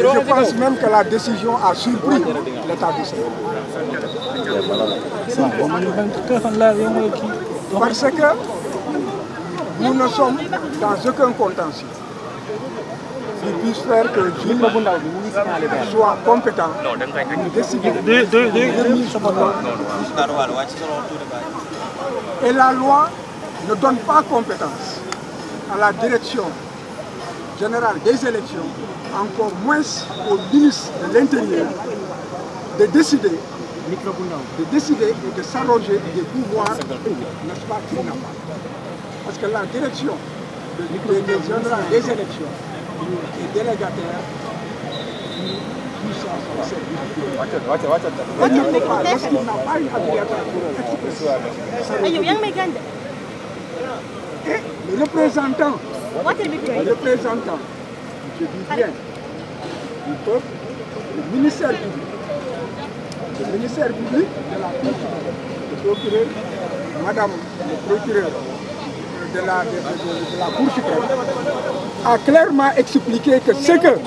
Je pense même que la décision a surpris l'État du Sénégal. Parce que nous ne sommes dans aucun contentieux qui puisse faire que le soit compétent Et la loi ne donne pas compétence à la direction générale des élections encore moins au ministre de l'Intérieur de décider, de décider et de s'arroger des pouvoirs, n'est-ce pas, qu'il n'a pas. Parce que la direction de, de, de générale des élections est délégataire et le représentant, le représentant je dis bien, du peuple, le ministère public, le ministère public de la le procureur, madame le procureur de la, de, de, de la Cour suprême, a clairement expliqué que ce que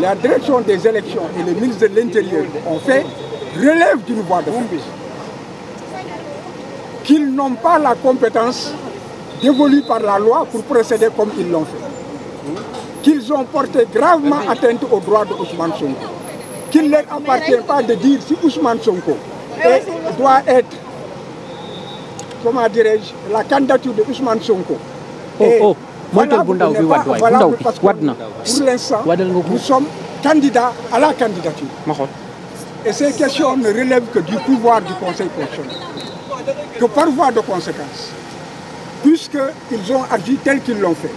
la direction des élections et le ministre de l'Intérieur ont fait relève d'une voie de fait. Qu'ils n'ont pas la compétence dévolue par la loi pour procéder comme ils l'ont fait. qu'ils ont porté gravement atteinte aux droits de Ousmane Sonko. Qu'il ne leur pas de dire si Ousmane Sonko est, doit être, comment dirais la candidature de Ousmane Sonko. Oh, Et oh, oh. Voilà, vous pas, voilà parce que pour l'instant, nous sommes candidats à la candidature. Et ces questions ne relèvent que du pouvoir du Conseil constitutionnel, que par de conséquence, puisqu'ils ont agi tel qu'ils l'ont fait.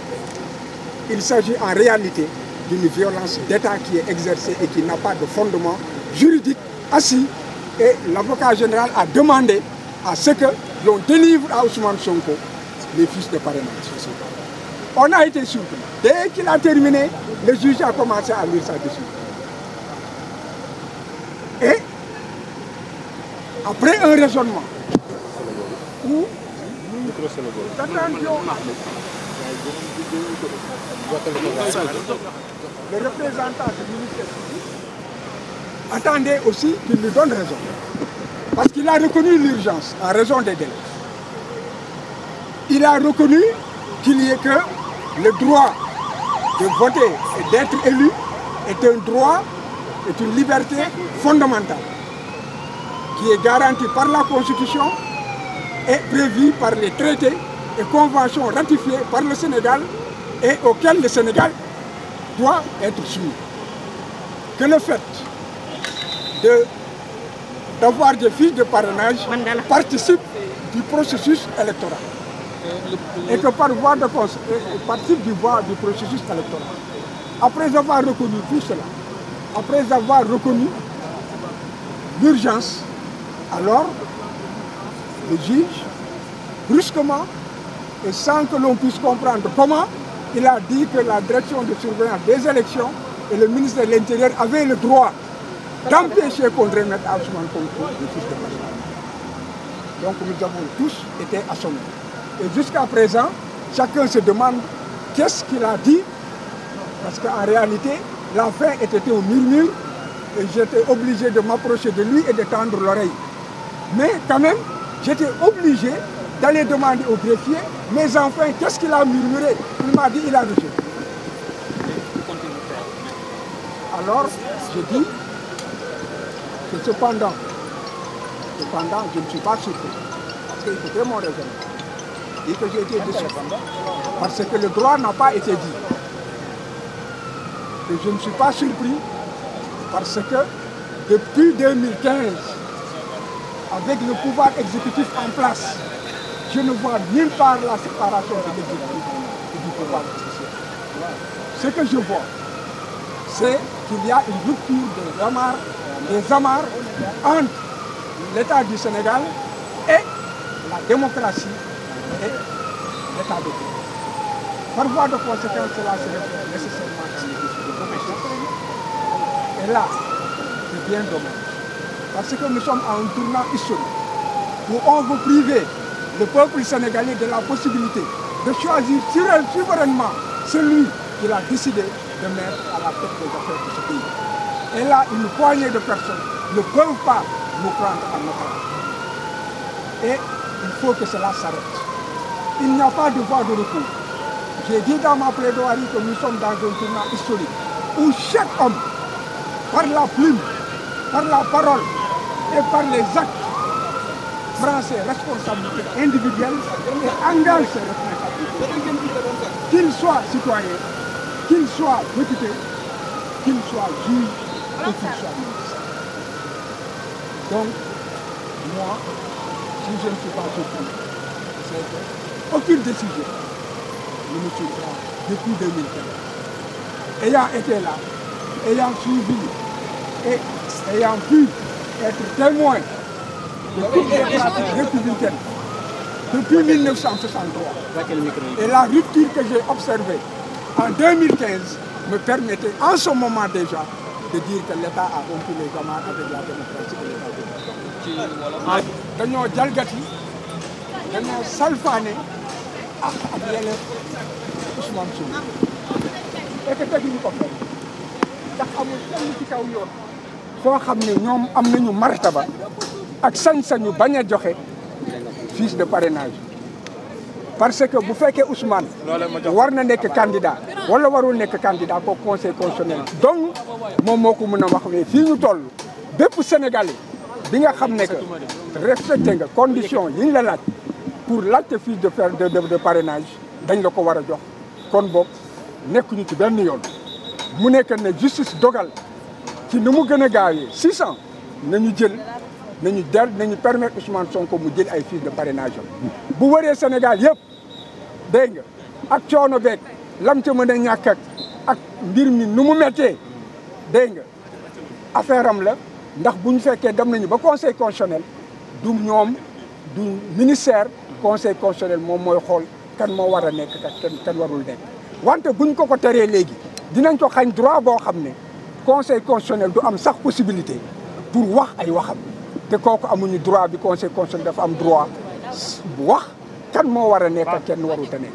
Il s'agit en réalité d'une violence d'État qui est exercée et qui n'a pas de fondement juridique assis. Et l'avocat général a demandé à ce que l'on délivre à Ousmane Sonko les fiches de parrainage. On le juge a commencé à lire sa décision. Et après un raisonnement où nous attendions Les représentants du ministère attendaient aussi qu'il lui donne raison. Parce qu'il a reconnu l'urgence en raison des délais. Il a reconnu qu'il y ait que le droit de voter et d'être élu est un droit, est une liberté fondamentale qui est garantie par la Constitution et prévue par les traités et conventions ratifiées par le Sénégal et auxquelles le Sénégal doit être soumis. Que le fait de d'avoir des fiches de parrainage participe du processus électoral et que par voie de cause participe du voie du processus électoral. Après avoir reconnu l'urgence, alors le juge, brusquement, et sans que l'on puisse comprendre comment, il a dit que la direction de surveillance des élections et le ministre de l'Intérieur avaient le droit d'empêcher qu'on remette à Ousmane Sonko le de Donc nous avons tous été assommés. Et jusqu'à présent, chacun se demande qu'est-ce qu'il a dit, parce qu'en réalité, la fin était au murmure et j'étais obligé de m'approcher de lui et de tendre l'oreille. Mais quand même, j'étais obligé d'aller demander au greffier Mais enfin, qu'est-ce qu'il a murmuré Il m'a dit il a rejeté. Alors, je dis que cependant, cependant, je ne suis pas surpris. Parce que Parce que le droit n'a pas été dit. Et je ne suis pas surpris parce que depuis avec le pouvoir exécutif en place, je ne vois nulle part la séparation de l'exécutif et du pouvoir judiciaire. Ce que je vois, c'est qu'il y a une rupture des amarres, entre l'État du Sénégal et la démocratie et l'État de droit. Par de conséquence, cela serait nécessairement une Et là, c'est bien dommage. Parce que nous sommes un tournant historique où on veut le peuple sénégalais de la possibilité de choisir souverainement celui qu'il a décidé de mettre à la tête des affaires de ce pays. Et là, une poignée de personnes ne peuvent pas nous prendre à notre Et il faut que cela s'arrête. Il de voie de recours. J'ai dit dans ma plaidoirie que nous sommes dans un tournant historique où chaque homme, par la plume, par la parole et par les actes, prend ses responsabilités individuelles et engage ses responsabilités. Qu'il soit citoyen, qu'il soit député, qu'il soit juge ou Donc, moi, si je ne suis pas Ayant été là, ayant suivi et ayant pu être témoin de toutes les pratiques républicaines depuis 1963. Et la rupture que j'ai observée en me permettait en déjà de dire que l'État a rompu les amarres avec la démocratie et l'État de droit. dañoo jalgati dañoo salfaane ak ak yeneen Ousmane Sonko. et que teguñu ko fenn ndax amul kenn ci kaw yoon. foo xam ne ñoom am nañu martaba ak sañ-sañu sañ bañ a joxe fiche de parrainage parce que bu fekkee Ousmane war na nekk candidat wala warul nekk candidat ko conseil constitutionnel donc moom moo ko mën a wax ne fii ñu toll bépp Sénégalais bi nga xam ne que respecté nga condition yi ñu la laaj pour laajte fiche de de de parrainage dañ la ko war a jox kon boog nekkuñu ci benn yoon mu nekk ne justice dogal ci nu mu gën a gaawee 600 nañu jël nañu der nañu permettre Ousmane Sonko mu jël ay fiches de parrainage bu waree Sénégal yëpp dégg nga ak coono beeg lam ca mën a ñàkk ak ak mbir mi nu mu méttee dégg nga affaire am la ndax bu ñu fekkee dem nañu ba conseil constitutionnel du ñoom du ministère conseil constitutionnel moom mooy xool kan moo war a nekk kan warul nekk wante buñ ko ko teree léegi dinañ ko xañ droit boo xam ne. conseil constitutionnel du am sax possibilité pour wax ay waxam te kooku amuñu droit bi conseil constitutionnel dafa am droit wax kan moo war a nekk ak kenn warut a nekk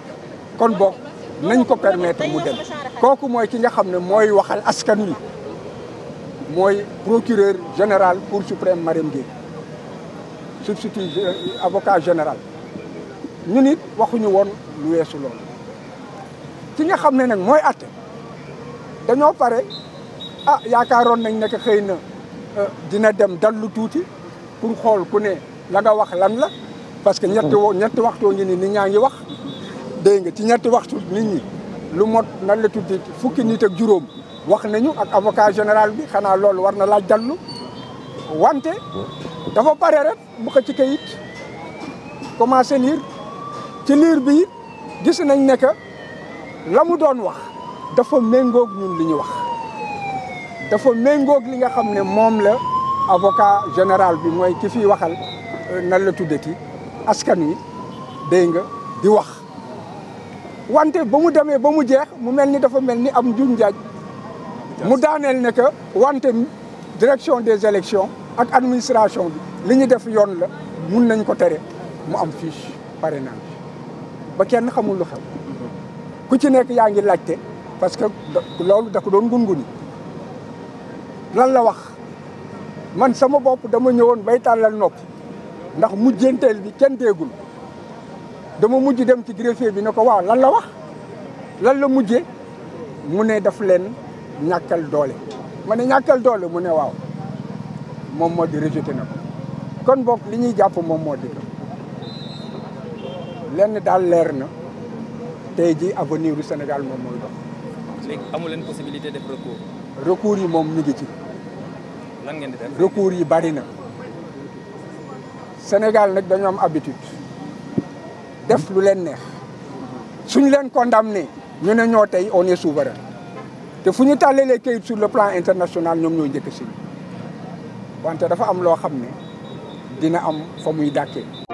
kon boog nañ ko permettre mu dem kooku mooy ki nga xam ne mooy waxal askan wi mooy procureur général pour cour suprême Marième Guèye substitut avocat général ñu nit waxuñu woon lu weesu loolu ki nga xam ne nag mooy atte dañoo pare ah yaakaaroon nañ ne xëy na euh, dina dem dallu tuuti pour xool ku ne la nga wax lan la. parce que ñetti wo ñetti waxtoo ngi ni ñaa ngi wax. dégg nga ci ñetti waxtu nit ñi lu mot nan la tuuti fukki nit ak juróom wax nañu ak avocat général bi xanaa loolu war na laaj dallu wante dafa pare rek bu ci kayit commencé lire ci liir bi gis nañ ne que la mu doon wax dafa méngoog ñun li ñu wax. dafa méngoog li nga xam ne moom la avocat général bi mooy ki fi waxal euh, nan la tuddati askan wi dégg nga di wax wante ba mu demee ba mu jeex mu mel ni dafa mel ni am jun njaaj mu daaneel ne que wante direction des élections ak administration bi li ñu def yoon la mun nañ ko tere mu am fiche parrainage ba kenn xamul lu xew mm-hmm. ku ci nekk yaa ngi laajte parce que loolu da ko doon gungu ni lan la wax man sama bopp dama ñëwoon bay tàllal nopp ndax mujjanteel bi kenn dama mujj dem ci greffier bi ne ko waaw lan la wax lan la mujjee mu ne daf leen ñàkkal doole ma ne ñàkkal doole mu ne waaw moom moo di rejeté na kon boog li ñuy jàpp moom moo di lenn daal leer na tey ji avenir du Sénégal moom mooy dox léegi amu leen possibilité def recours recours yi moom ñu ngi ci lan ngeen di def recours yi bari na Sénégal nag dañoo am habitude def lu leen neex suñ leen condamné ñu ne ñoo tey on est souverain te fu ñu tàllalee kayit sur le plan international ñoom ñooy njëkk si wante dafa am loo xam ne dina am fa muy dàkkee